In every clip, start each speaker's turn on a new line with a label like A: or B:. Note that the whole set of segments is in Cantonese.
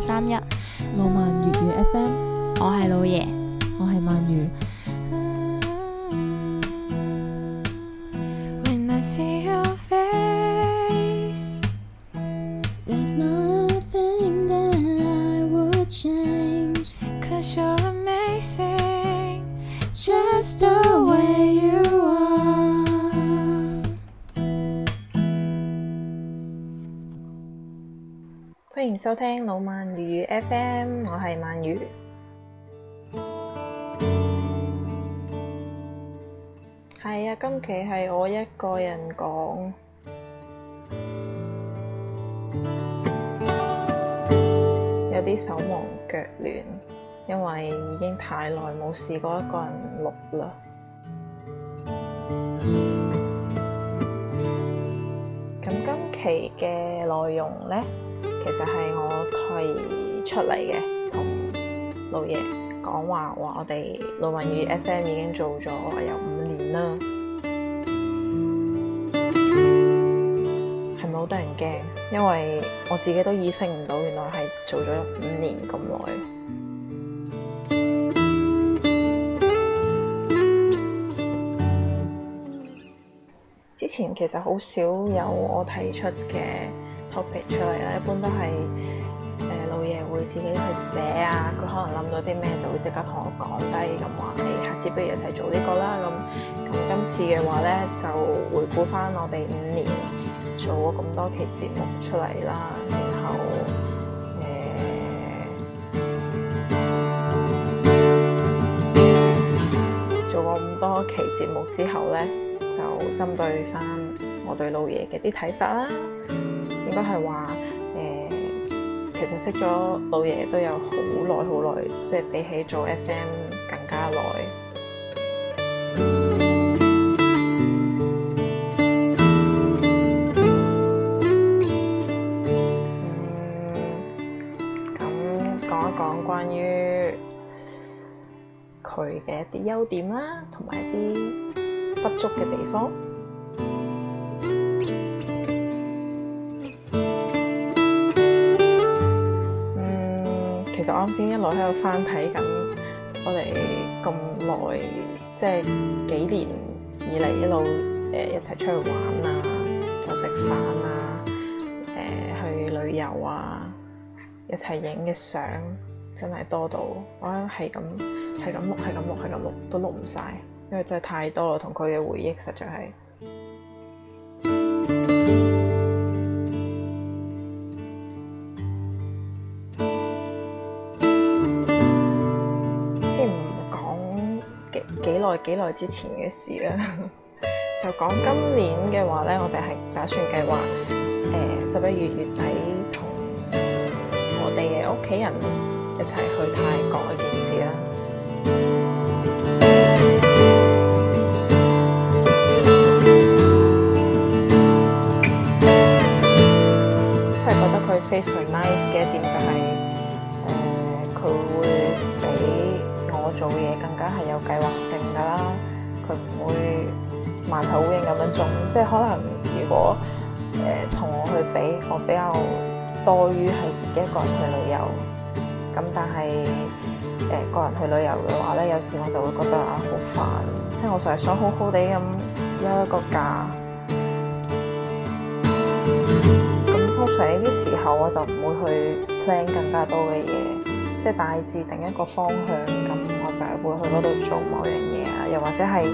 A: 三一老鰻粵語 FM，我係老爺，我係鰻魚。收聽老鰻粵語 FM，我係鰻魚。係啊，今期係我一個人講，有啲手忙腳亂，因為已經太耐冇試過一個人錄啦。咁今期嘅內容呢？其實係我退出嚟嘅，同老爺講話話我哋老鰻粵語 FM 已經做咗有五年啦，係咪好多人驚？因為我自己都意識唔到，原來係做咗五年咁耐。之前其實好少有我提出嘅。t o 出嚟咧，一般都係誒老爺會自己去寫啊，佢可能諗到啲咩就會即刻同我講低，咁話誒下次不如一齊做呢個啦，咁咁今次嘅話咧就回顧翻我哋五年做咗咁多期節目出嚟啦，然後誒、呃、做咗咁多期節目之後咧，就針對翻我對老爺嘅啲睇法啦。都係話誒，其實識咗老爺爺都有好耐好耐，即係比起做 FM 更加耐。嗯，咁講一講關於佢嘅一啲優點啦，同埋一啲不足嘅地方。啱先一路喺度翻睇緊，我哋咁耐即係幾年以嚟一路誒一齊出去玩啊，就食飯啊，誒去旅遊啊，一齊影嘅相真係多到，我覺得係咁係咁錄係咁錄係咁錄都錄唔晒，因為真係太多啦，同佢嘅回憶實在係。幾耐之前嘅事啦， 就講今年嘅話咧，我哋係打算計劃誒十一月月底同我哋嘅屋企人一齊去泰國嘅件事啦。 真係覺得佢非常 nice 嘅一點就係、是、～做嘢更加係有計劃性噶啦，佢唔會埋頭烏蠅咁樣做。即係可能如果誒同、呃、我去比，我比較多於係自己一個人去旅遊。咁但係誒、呃、個人去旅遊嘅話咧，有時我就會覺得啊好煩，即係我成日想好好地咁休一個假。咁通常呢啲時候我就唔會去 plan 更加多嘅嘢，即係大致定一個方向咁。會去嗰度做某樣嘢啊，又或者係誒、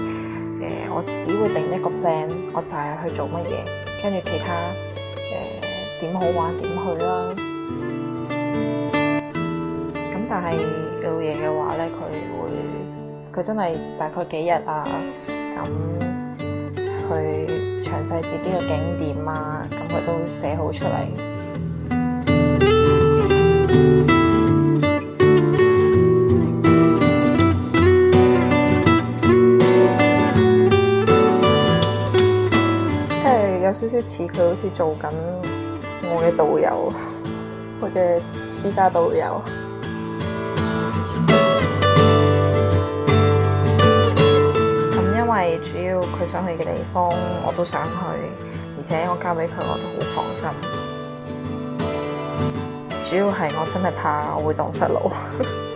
A: 呃，我只會定一個 plan，我就係去做乜嘢，跟住其他誒、呃、點好玩點去啦。咁、嗯、但係老爺嘅話咧，佢會佢真係大概幾日啊，咁去詳細自己嘅景點啊，咁佢都寫好出嚟。似佢好似做緊我嘅導遊，我嘅私家導遊。咁因為主要佢想去嘅地方我都想去，而且我交俾佢我都好放心。主要係我真係怕我會蕩失路。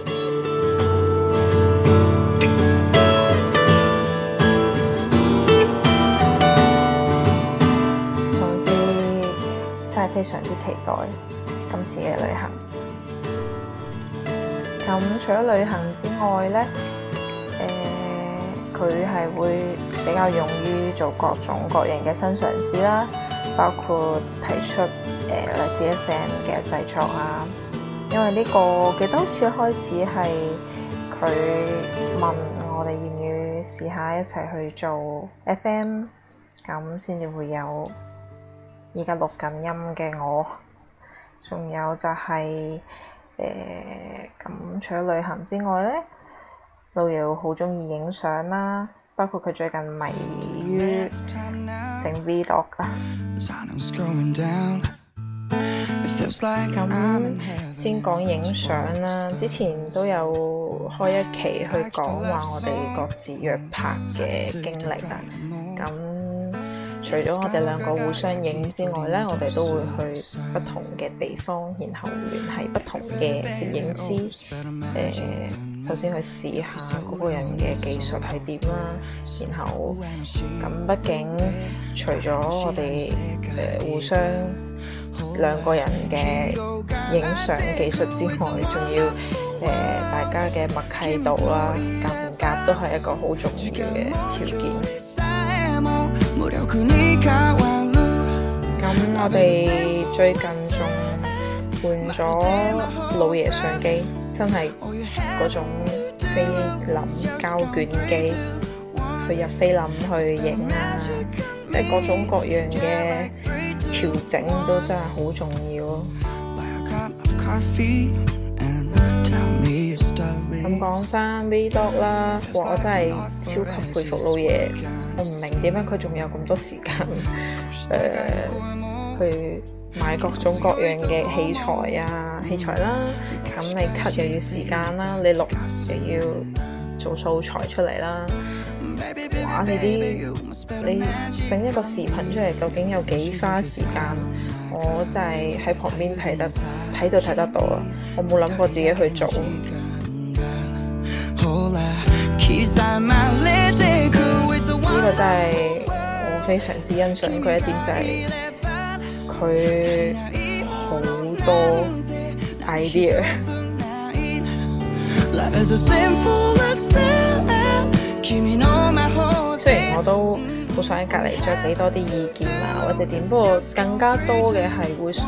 A: 非常之期待今次嘅旅行。咁除咗旅行之外呢，誒佢係會比較勇於做各種各樣嘅新嘗試啦，包括提出誒、呃，來自 F.M. 嘅製作啊。因為呢個幾多次開始係佢問我哋要唔要試下一齊去做 F.M.，咁先至會有。而家錄緊音嘅我，仲有就係誒咁，呃、除咗旅行之外咧，都有好中意影相啦。包括佢最近迷於整 Vlog 啊。咁啱 先講影相啦，之前都有開一期去講話我哋各自約拍嘅經歷啦。除咗我哋兩個互相影之外咧，我哋都會去不同嘅地方，然後聯繫不同嘅攝影師。誒、呃，首先去試下嗰個人嘅技術係點啦。然後咁，畢竟除咗我哋誒、呃、互相兩個人嘅影相技術之外，仲要誒、呃、大家嘅默契度啦，啊，夾唔夾都係一個好重要嘅條件。咁我哋最近仲換咗老爺相機，真係嗰種菲林膠卷機，去入菲林去影呀，即係各種各樣嘅調整都真係好重要。咁講翻 Vlog 啦，我真係超級佩服老爺，我唔明點解佢仲有咁多時間，誒、呃，去買各種各樣嘅器材啊器材啦，咁你 cut 又要時間啦，你錄又要做素材出嚟啦，哇你啲你整一個視頻出嚟究竟有幾花時間？我真係喺旁邊睇得睇就睇得到啦，我冇諗過自己去做。呢個真係我非常之欣賞佢一點，就係佢好多 idea。 雖然我都好想喺隔籬再俾多啲意見啊或者點，不過更加多嘅係會想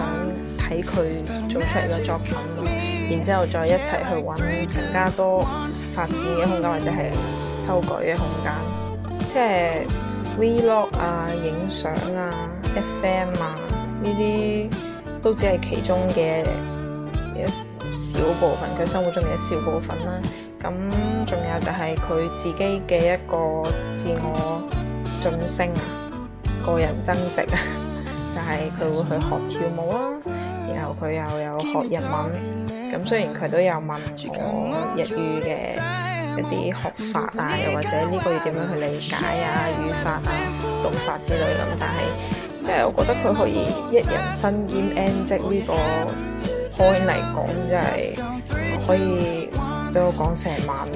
A: 睇佢做出嚟嘅作品，然之後再一齊去揾更加多。發展嘅空間或者係修改嘅空間，即係 Vlog 啊、影相啊、FM 啊呢啲都只係其中嘅一小部分，佢生活中嘅一小部分啦。咁仲有就係佢自己嘅一個自我晉升啊，個人增值啊， 就係佢會去學跳舞啦，然後佢又有學日文。咁雖然佢都有問我日語嘅一啲學法啊，又或者呢個要點樣去理解啊、語法啊、讀法之類咁，但係即係我覺得佢可以一人身兼 N 職呢個 point 嚟講，就係可以俾我講成晚。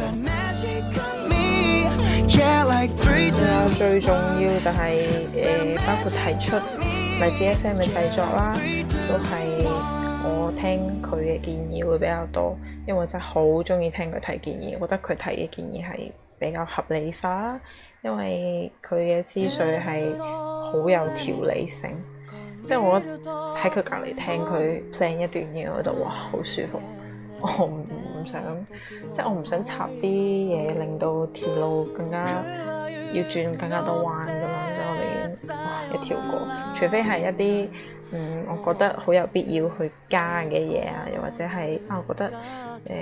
A: 仲有、 嗯嗯、最重要就係、是、誒、呃，包括提出來自 FM 嘅製作啦、啊，都係。聽佢嘅建議會比較多，因為我真係好中意聽佢提建議，我覺得佢提嘅建議係比較合理化，因為佢嘅思緒係好有條理性，即係我喺佢隔籬聽佢 plan 一段嘢，我覺得哇好舒服，我唔唔想，即係我唔想插啲嘢令到條路更加要轉更加多彎嘛。調過，除非係一啲嗯，我覺得好有必要去加嘅嘢啊，又或者係啊，我覺得誒、呃、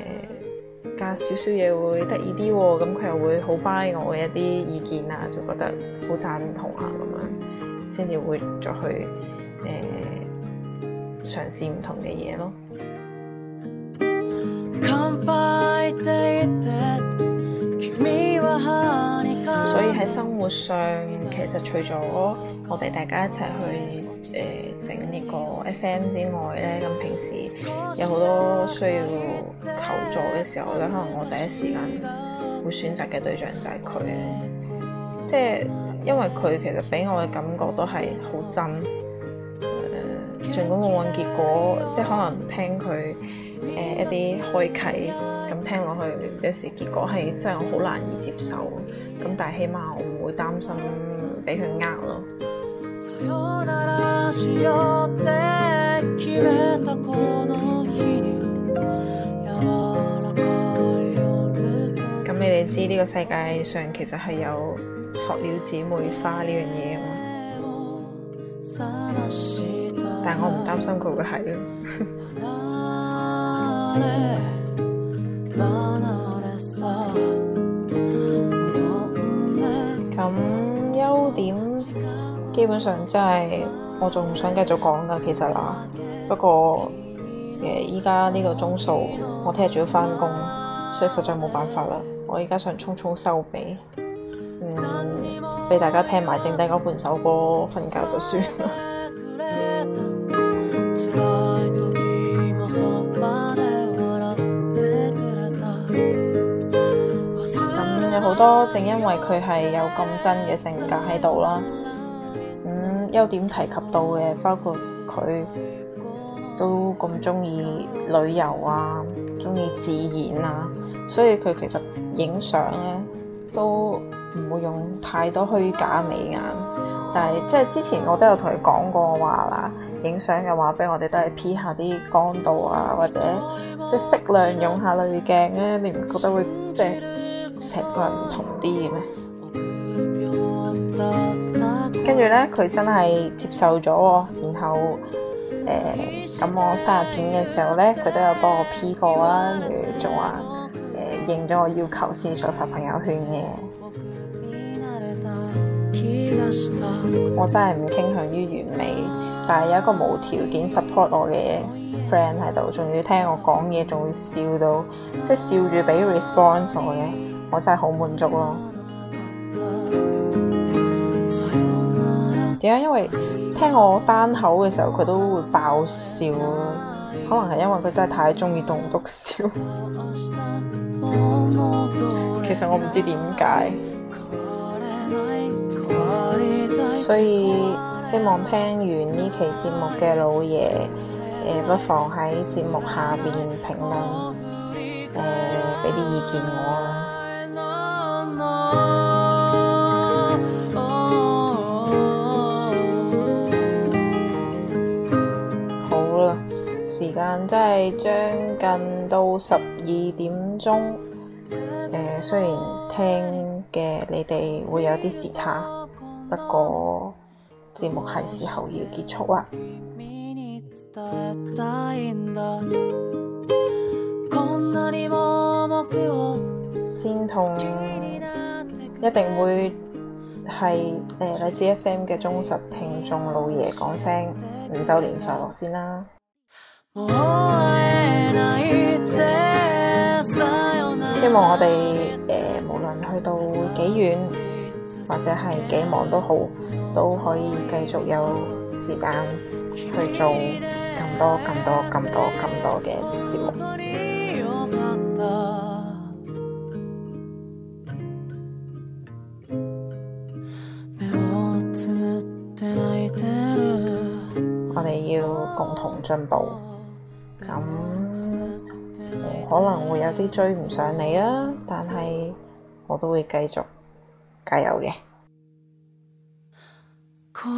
A: 加少少嘢會得意啲喎，咁、啊、佢又會好 buy 我嘅一啲意見啊，就覺得好贊同啊咁樣，先至會再去誒、呃、嘗試唔同嘅嘢咯。 所以喺生活上。其實除咗我哋大家一齊去誒整呢個 FM 之外咧，咁平時有好多需要求助嘅時候咧，可能我第一時間會選擇嘅對象就係佢。即係因為佢其實俾我嘅感覺都係好真。誒，儘管往往結果即係可能聽佢誒一啲開啓咁聽落去，有時結果係真係我好難以接受。咁但係起碼我唔會擔心。俾佢呃咯。咁你哋知呢個世界上其實係有塑料姐妹花呢樣嘢嘅嘛，但係我唔擔心佢會係咯。咁。 嗯 嗯 基本上真係我仲唔想繼續講噶，其實啊，不過誒，依家呢個鐘數我聽日仲要翻工，所以實在冇辦法啦。我依家想匆匆收尾，嗯，俾大家聽埋剩低嗰半首歌，瞓覺就算了。咁、 嗯、有好多正因為佢係有咁真嘅性格喺度啦。優點提及到嘅，包括佢都咁中意旅遊啊，中意自然啊，所以佢其實影相咧都唔會用太多虛假美顏。但係即係之前我都有同佢講過話啦，影相嘅話，畀我哋都係 P 下啲光度啊，或者即係適量用下濾鏡咧，你唔覺得會即係成個人唔同啲嘅咩？跟住咧，佢真係接受咗，然後誒，咁、呃、我生日片嘅時候咧，佢都有幫我 P 過啦，跟住仲話誒應咗我要求先再發朋友圈嘅。 我真係唔傾向於完美，但係有一個無條件 support 我嘅 friend 喺度，仲要聽我講嘢，仲會笑到即係笑住俾 response 我嘅，我真係好滿足咯。點解？因為聽我單口嘅時候，佢都會爆笑，可能係因為佢真係太中意棟篤笑。其實我唔知點解。 所以希望聽完呢期節目嘅老爺，誒不妨喺節目下面評論，誒俾啲意見我。時間真係將近到十二點鐘，誒、呃，雖然聽嘅你哋會有啲時差，不過節目係時候要結束啦。先同，一定會係誒，荔枝 FM 嘅忠實聽眾老爺講聲五周年快樂先啦。希望我哋誒、呃，無論去到幾遠或者係幾忙，都好，都可以繼續有時間去做更多、更多、更多、更多嘅節目。 我哋要共同進步。咁我可能會有啲追唔上你啊，但係我都會繼續加油嘅。Good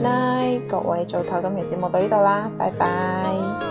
A: night，各位早唞，今日節目到呢度啦，拜拜。